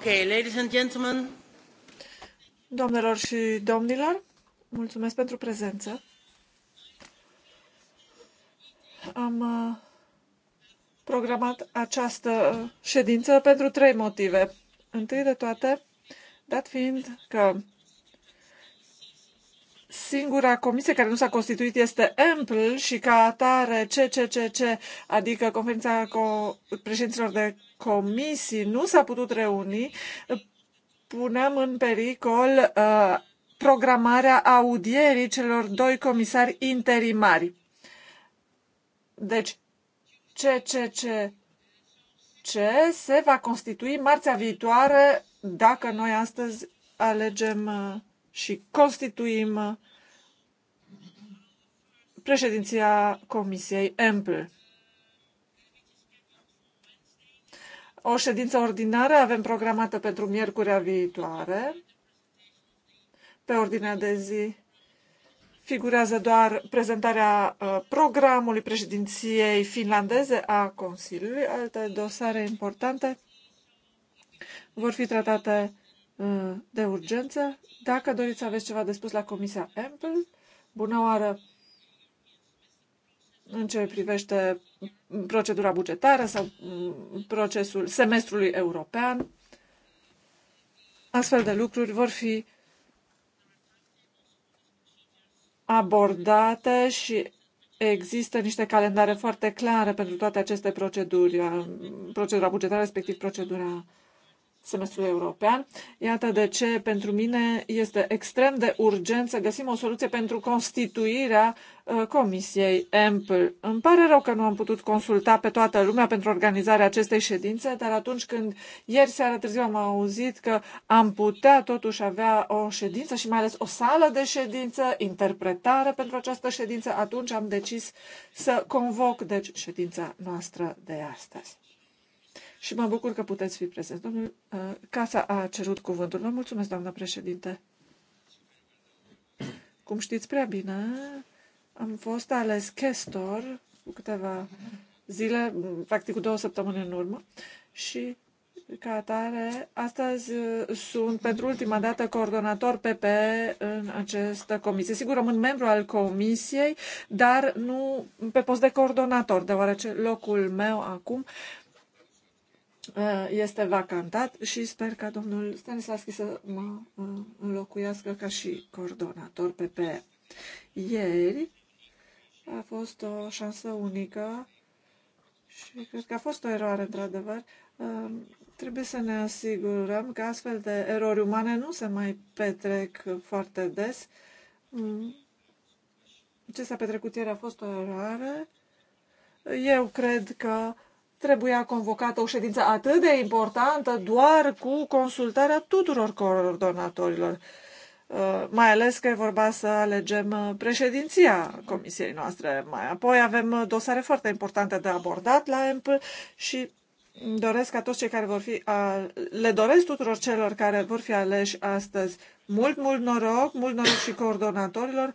ladies and gentlemen. Doamnelor și domnilor, mulțumesc pentru prezență. Am uh, programat această uh, ședință pentru trei motive. Întâi de toate, dat fiind că Singura comisie care nu s-a constituit este EMPL și ca atare CCCC, adică Conferința Co- Președinților de Comisii, nu s-a putut reuni, punem în pericol uh, programarea audierii celor doi comisari interimari. Deci, CCCC se va constitui marțea viitoare dacă noi astăzi alegem uh, și constituim președinția Comisiei Ample. O ședință ordinară avem programată pentru miercurea viitoare. Pe ordinea de zi figurează doar prezentarea uh, programului președinției finlandeze a Consiliului. Alte dosare importante vor fi tratate Uh, de urgență. Dacă doriți să aveți ceva de spus la Comisia Ample, bună oară în ce privește procedura bugetară sau mm, procesul semestrului european. Astfel de lucruri vor fi abordate și există niște calendare foarte clare pentru toate aceste proceduri, uh, procedura bugetară, respectiv procedura semestrul european. Iată de ce pentru mine este extrem de urgent să găsim o soluție pentru constituirea uh, Comisiei Ample. Îmi pare rău că nu am putut consulta pe toată lumea pentru organizarea acestei ședințe, dar atunci când ieri seara târziu am auzit că am putea totuși avea o ședință și mai ales o sală de ședință, interpretare pentru această ședință, atunci am decis să convoc deci ședința noastră de astăzi și mă bucur că puteți fi prezent. Domnul uh, Casa a cerut cuvântul. Vă mulțumesc, doamnă președinte. Cum știți prea bine, am fost ales chestor cu câteva zile, practic cu două săptămâni în urmă și ca atare, astăzi uh, sunt pentru ultima dată coordonator PP în această comisie. Sigur, rămân membru al comisiei, dar nu pe post de coordonator, deoarece locul meu acum uh, Eh, este vacantat și sper ca domnul Stanislavski să mă eh, înlocuiască ca și coordonator PPE. Ieri a fost o șansă unică și cred că a fost o eroare, într-adevăr. Eh, trebuie să ne asigurăm că astfel de erori umane nu se mai petrec foarte des. Mm. Ce s-a petrecut ieri a fost o eroare. Eu cred că trebuia convocată o ședință atât de importantă doar cu consultarea tuturor coordonatorilor, uh, mai ales că e vorba să alegem uh, președinția comisiei noastre. Mai apoi avem uh, dosare foarte importante de abordat la EMP și doresc ca toți cei care vor fi, le doresc tuturor celor care vor fi aleși astăzi mult, mult noroc, mult noroc și coordonatorilor,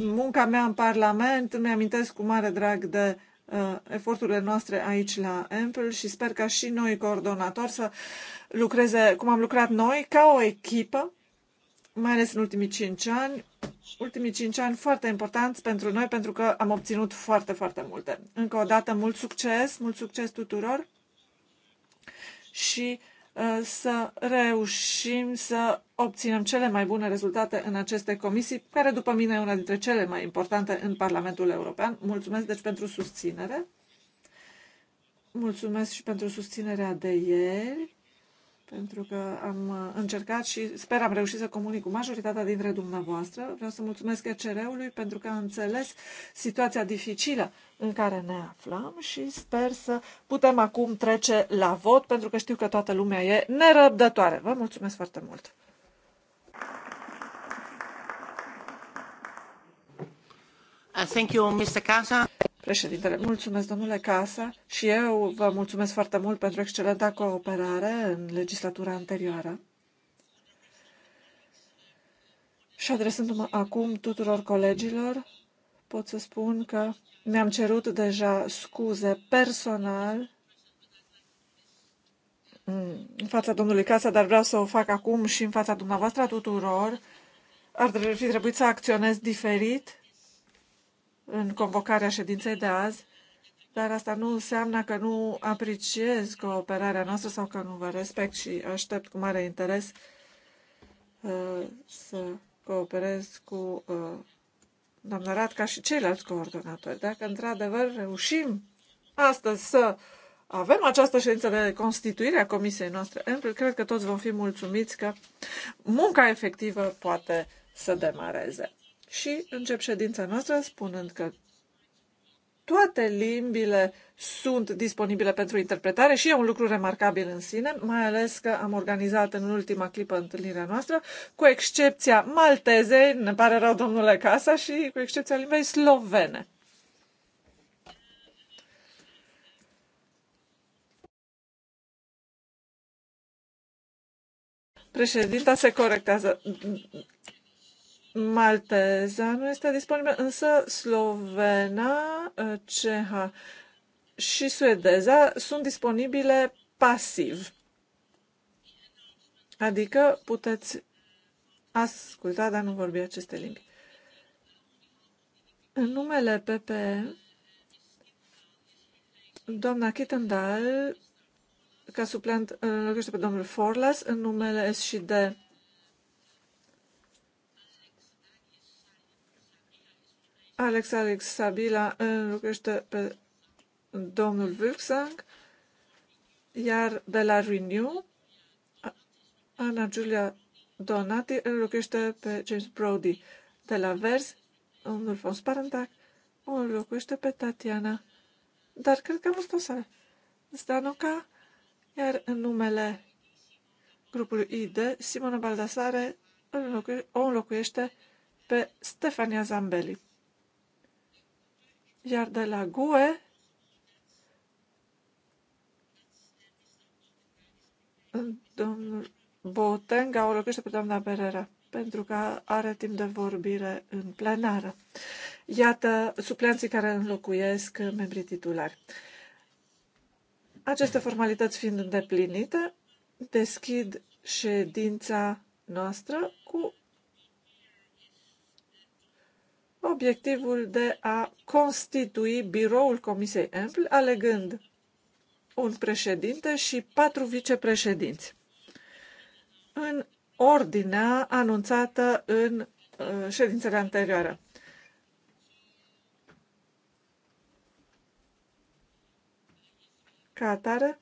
munca mea în Parlament, îmi amintesc cu mare drag de Uh, eforturile noastre aici la Ample și sper ca și noi coordonatori să lucreze cum am lucrat noi, ca o echipă, mai ales în ultimii cinci ani, ultimii cinci ani foarte importanți pentru noi, pentru că am obținut foarte, foarte multe. Încă o dată, mult succes, mult succes tuturor și uh, să reușim să obținem cele mai bune rezultate în aceste comisii, care după mine e una dintre cele mai importante în Parlamentul European. Mulțumesc deci pentru susținere. Mulțumesc și pentru susținerea de ieri pentru că am uh, încercat și sper am reușit să comunic cu majoritatea dintre dumneavoastră. Vreau să mulțumesc ECR-ului pentru că am înțeles situația dificilă în care ne aflăm și sper să putem acum trece la vot, pentru că știu că toată lumea e nerăbdătoare. Vă mulțumesc foarte mult! Uh, thank you, Mr. Casa. Președintele, mulțumesc, domnule Casa, și eu vă mulțumesc foarte mult pentru excelenta cooperare în legislatura anterioară. Și adresându-mă acum tuturor colegilor, pot să spun că mi-am cerut deja scuze personal în fața domnului Casa, dar vreau să o fac acum și în fața dumneavoastră tuturor. Ar fi trebuit să acționez diferit în convocarea ședinței de azi, dar asta nu înseamnă că nu apreciez cooperarea noastră sau că nu vă respect și aștept cu mare interes uh, să cooperez cu uh, doamna Radca și ceilalți coordonatori. Dacă într-adevăr reușim astăzi să avem această ședință de constituire a comisiei noastre, pentru cred că toți vom fi mulțumiți că munca efectivă poate să demareze și încep ședința noastră spunând că toate limbile sunt disponibile pentru interpretare și e un lucru remarcabil în sine, mai ales că am organizat în ultima clipă întâlnirea noastră, cu excepția maltezei, ne pare rău domnule Casa, și cu excepția limbei slovene. Președinta se corectează malteza nu este disponibilă, însă slovena, uh, ceha și suedeza sunt disponibile pasiv. Adică puteți asculta, dar nu vorbi aceste limbi. În numele PPE, doamna Kittendal, ca suplant, pe domnul Forlas, în numele S și de Alex Alex Sabila înlocuiește pe domnul Vuxang, iar de la Renew, Ana Julia Donati înlocuiește pe James Brody. De la Vers, domnul Fons Parentac o înlocuiește pe Tatiana. Dar cred că am fost o să Stanuca, iar în numele grupului ID, Simona Baldasare o înlocuiește pe Stefania Zambeli. Iar de la GUE domnul Botenga o locuiește pe doamna Berera pentru că are timp de vorbire în plenară. Iată suplenții care înlocuiesc membrii titulari. Aceste formalități fiind îndeplinite, deschid ședința noastră cu obiectivul de a constitui biroul Comisiei EMPL, alegând un președinte și patru vicepreședinți, în ordinea anunțată în uh, ședințele anterioare. Ca atare,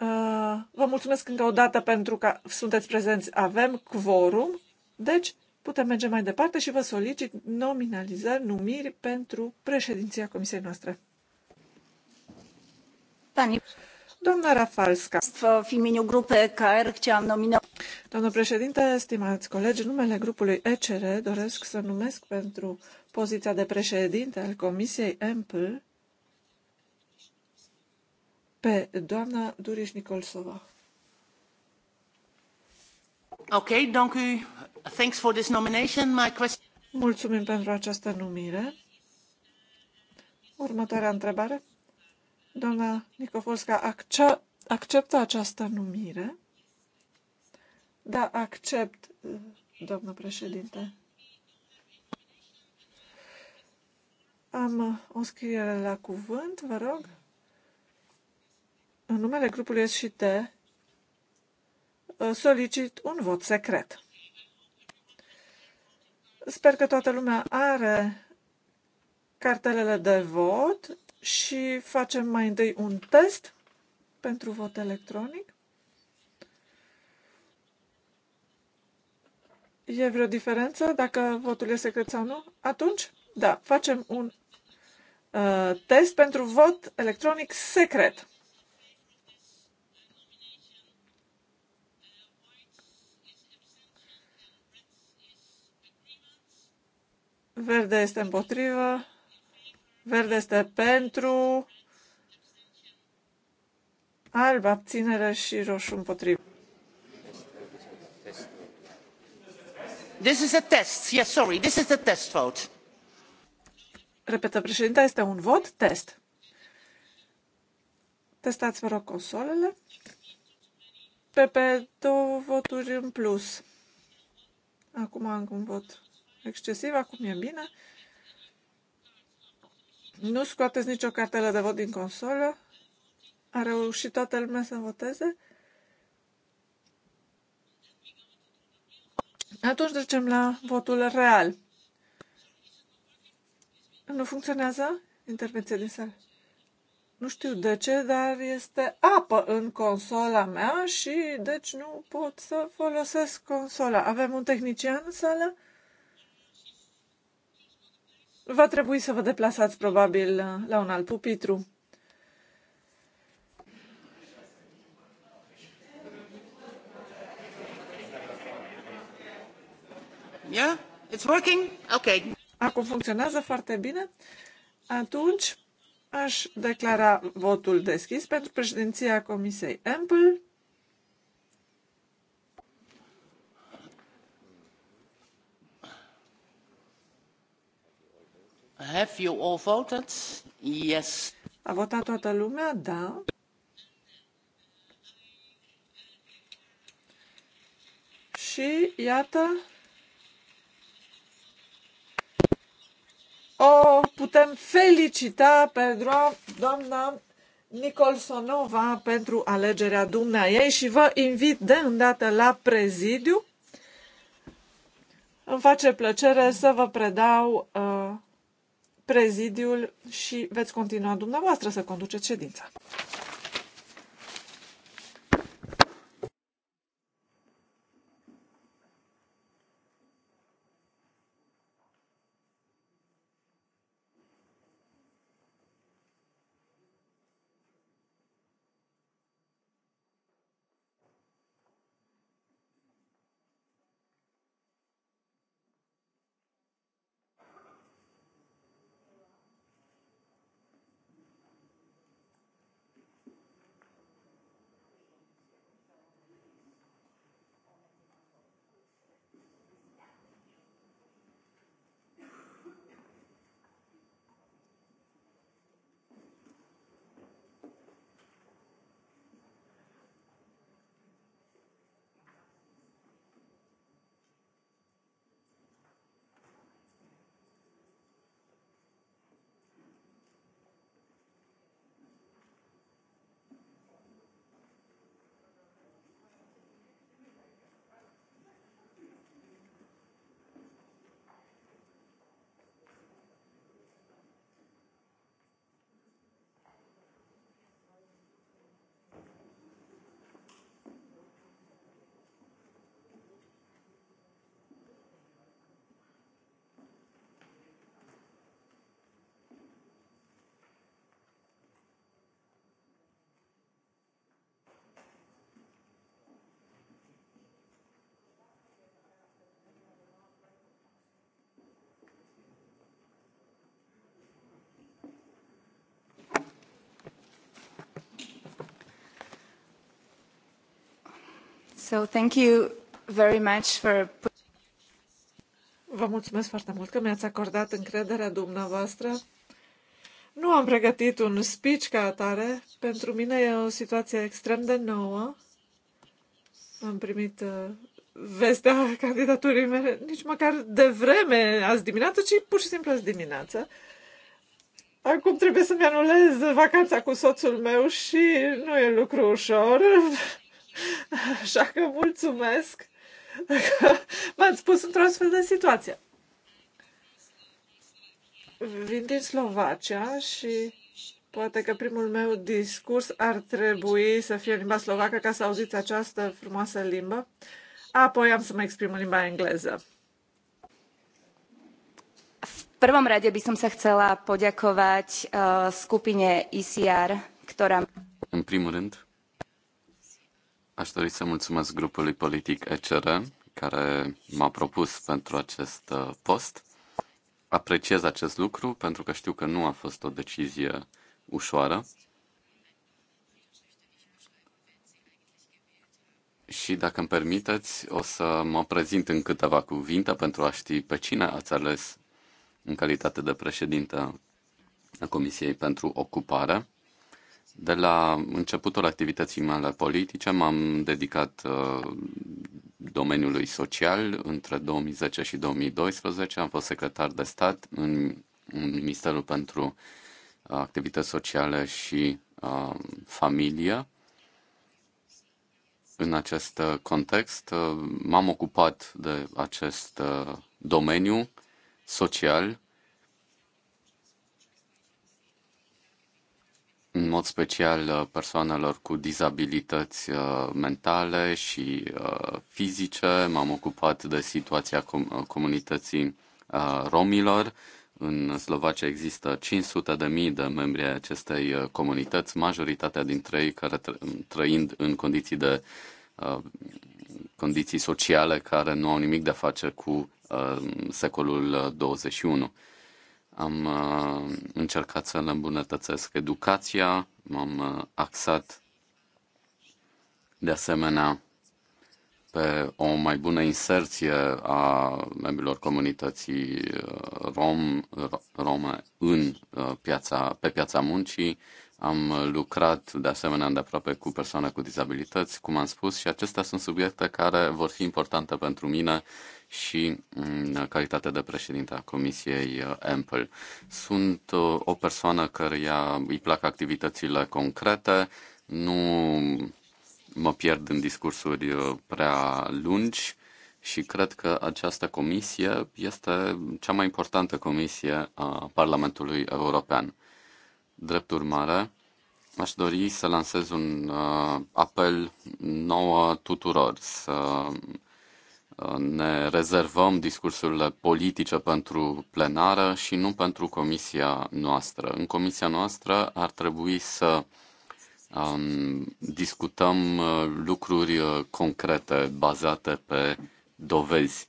uh, vă mulțumesc încă o dată pentru că sunteți prezenți. Avem quorum, deci putem merge mai departe și vă solicit nominalizări, numiri pentru președinția comisiei noastre. Pani. Doamna Rafalska. W imieniu grupy KR am nominować. Doamnă președinte, stimați colegi, numele grupului ECR doresc să numesc pentru poziția de președinte al Comisiei EMPL pe doamna Duriș Nicolsova. Ok, uh, thanks for this nomination. My question... Mulțumim pentru această numire. Următoarea întrebare. Doamna Nicofolska acceptă această numire? Da, accept, doamnă președinte. Am uh, o scriere la cuvânt, vă rog. În numele grupului S și T, Uh, solicit un vot secret. Sper că toată lumea are cartelele de vot și facem mai întâi un test pentru vot electronic. E vreo diferență dacă votul e secret sau nu? Atunci, da, facem un uh, test pentru vot electronic secret. Verde este împotrivă. Verde este pentru. Alb, abținere și roșu împotrivă. This is a test. Yes, sorry. This is a test vote. Repetă președinte, este un vot test. Testați, vă rog, consolele. Pe, pe două voturi în plus. Acum am un vot excesiv, acum e bine. Nu scoateți nicio cartelă de vot din consolă. A reușit toată lumea să voteze. Atunci trecem la votul real. Nu funcționează intervenția din sală. Nu știu de ce, dar este apă în consola mea și deci nu pot să folosesc consola. Avem un tehnician în sală? va trebui să vă deplasați probabil uh, la un alt pupitru. Yeah? It's working? Okay. Acum funcționează foarte bine. Atunci aș declara votul deschis pentru președinția Comisiei Ample. Have you all voted? Yes. A votat toată lumea? Da. Și iată, o putem felicita pe doamna Nicolsonova pentru alegerea Ei și vă invit de îndată la prezidiu. Îmi face plăcere să vă predau uh, prezidiul și veți continua dumneavoastră să conduceți ședința. Vă mulțumesc foarte mult că mi-ați acordat încrederea dumneavoastră. Nu am pregătit un speech ca atare. Pentru mine e o situație extrem de nouă. Am primit uh, vestea candidaturii mele nici măcar de vreme azi dimineață, ci pur și simplu azi dimineață. Acum trebuie să-mi anulez vacanța cu soțul meu și nu e lucru ușor. Așa că mulțumesc că m-ați pus într-o astfel de situație. Vin din Slovacia și poate că primul meu discurs ar trebui să fie în limba slovacă ca să auziți această frumoasă limbă. Apoi am să mă exprim în limba engleză. V prvom rade by som sa chcela poďakovať uh, skupine ICR, ktorá... În primul rând, Aș dori să mulțumesc grupului politic ECR care m-a propus pentru acest uh, post. Apreciez acest lucru pentru că știu că nu a fost o decizie ușoară. Și dacă îmi permiteți, o să mă prezint în câteva cuvinte pentru a ști pe cine ați ales în calitate de președinte a Comisiei pentru Ocupare. De la începutul activității mele politice m-am dedicat uh, domeniului social. Între 2010 și 2012 am fost secretar de stat în, Ministerul pentru uh, Activități Sociale și uh, Familie. În acest context m-am ocupat de acest domeniu social în mod special uh, persoanelor cu dizabilități uh, mentale și uh, fizice. M-am ocupat de situația comunității romilor. În Slovacia există 500 de mii de membri ai acestei comunități, majoritatea dintre ei care um, trăind în condiții de condiții sociale care nu au nimic de a face cu secolul 21. Am uh, încercat să le îmbunătățesc educația, m-am uh, axat de asemenea pe o mai bună inserție a membrilor comunității uh, rom, rome în uh, piața, pe piața muncii, am lucrat de asemenea aproape cu persoane cu dizabilități, cum am spus, și acestea sunt subiecte care vor fi importante pentru mine și mm, în calitate de președinte a Comisiei uh, Ample. Sunt uh, o persoană căreia îi plac activitățile concrete, nu mă pierd în discursuri uh, prea lungi și cred că această comisie este cea mai importantă comisie a Parlamentului European. Drept urmare, aș dori să lansez un uh, apel nouă tuturor să uh, ne rezervăm discursurile politice pentru plenară și nu pentru comisia noastră. În comisia noastră ar trebui să um, discutăm uh, lucruri uh, concrete bazate pe dovezi,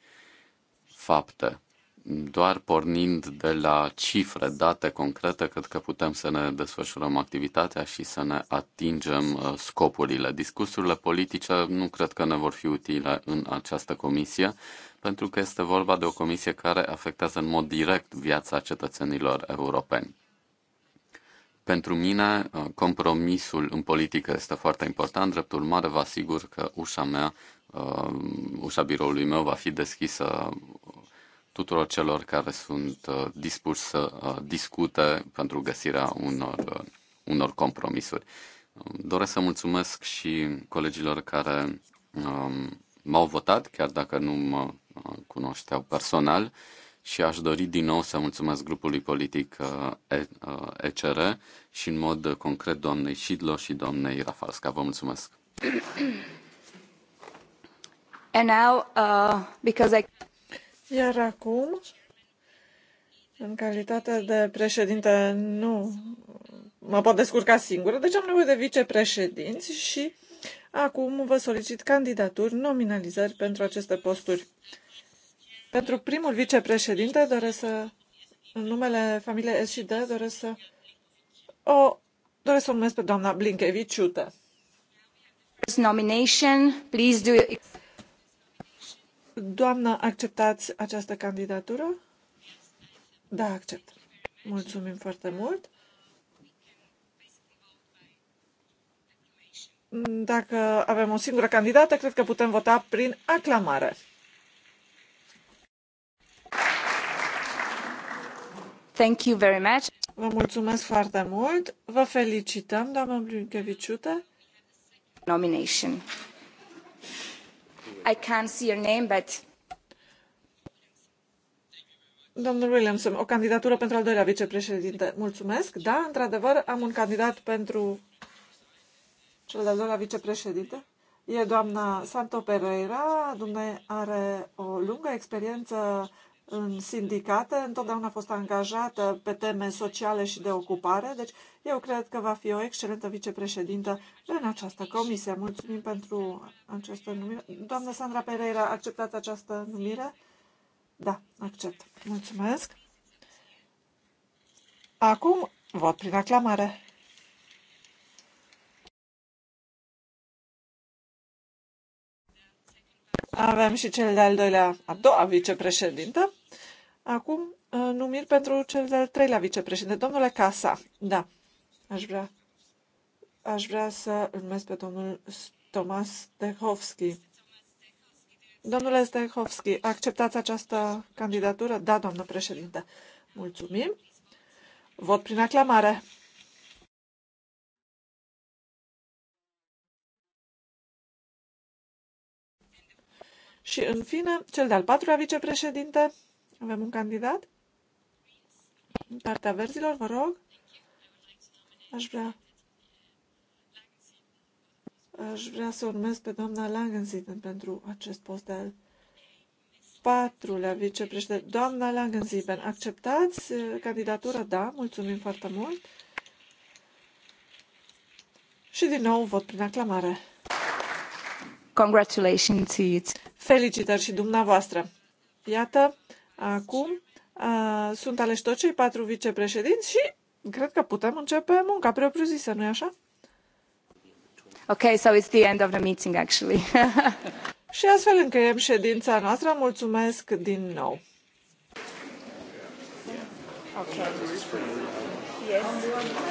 fapte doar pornind de la cifre, date concrete, cred că putem să ne desfășurăm activitatea și să ne atingem uh, scopurile. Discursurile politice nu cred că ne vor fi utile în această comisie, pentru că este vorba de o comisie care afectează în mod direct viața cetățenilor europeni. Pentru mine, uh, compromisul în politică este foarte important. Drept urmare, vă asigur că ușa mea, uh, ușa biroului meu va fi deschisă tuturor celor care sunt uh, dispuși să uh, discute pentru găsirea unor, uh, unor compromisuri. Um, doresc să mulțumesc și colegilor care um, m-au votat, chiar dacă nu mă cunoșteau personal, și aș dori din nou să mulțumesc grupului politic ECR și în mod concret doamnei Șidlo și doamnei Rafalska. Vă mulțumesc! And now, uh, because I... Iar acum, în calitate de președinte, nu mă pot descurca singură, deci am nevoie de vicepreședinți și acum vă solicit candidaturi, nominalizări pentru aceste posturi. Pentru primul vicepreședinte doresc să, în numele familiei D, doresc să o doresc să numesc pe doamna Blinkeviciute. Nomination, please do Doamnă, acceptați această candidatură? Da, accept. Mulțumim foarte mult. Dacă avem o singură candidată, cred că putem vota prin aclamare. Thank you very much. Vă mulțumesc foarte mult. Vă felicităm, doamnă Blinkeviciute. Nomination. I can't see your name, but... Domnul Williamson, o candidatură pentru al doilea vicepreședinte. Mulțumesc. Da, într-adevăr, am un candidat pentru cel de-al doilea vicepreședinte. E doamna Santo Pereira, dumne are o lungă experiență în sindicate, întotdeauna a fost angajată pe teme sociale și de ocupare, deci eu cred că va fi o excelentă vicepreședintă în această comisie. Mulțumim pentru această numire. Doamna Sandra Pereira, acceptați această numire? Da, accept. Mulțumesc. Acum vot prin aclamare. Avem și cel de-al doilea, a doua vicepreședintă. Acum, uh, numiri pentru cel de-al treilea vicepreședinte, domnule Casa. Da, aș vrea, aș vrea să îl numesc pe domnul Tomas Stehovski. Domnule Stehovski, acceptați această candidatură? Da, doamnă președinte. Mulțumim. Vot prin aclamare. Și, în fine, cel de-al patrulea vicepreședinte, avem un candidat? În partea verzilor, vă rog. Aș vrea, aș vrea să urmez pe doamna Langenziden pentru acest post de al patrulea vicepreședinte. Doamna Langenziden, acceptați uh, candidatura? Da, mulțumim foarte mult. Și din nou vot prin aclamare. Congratulations to you. Felicitări și dumneavoastră. Iată, Acum uh, sunt aleși toți cei patru vicepreședinți și cred că putem începe munca propriu-zisă, nu-i așa? Okay, so it's the end of the meeting, actually. și astfel încheiem ședința noastră. Mulțumesc din nou. Okay. Yes.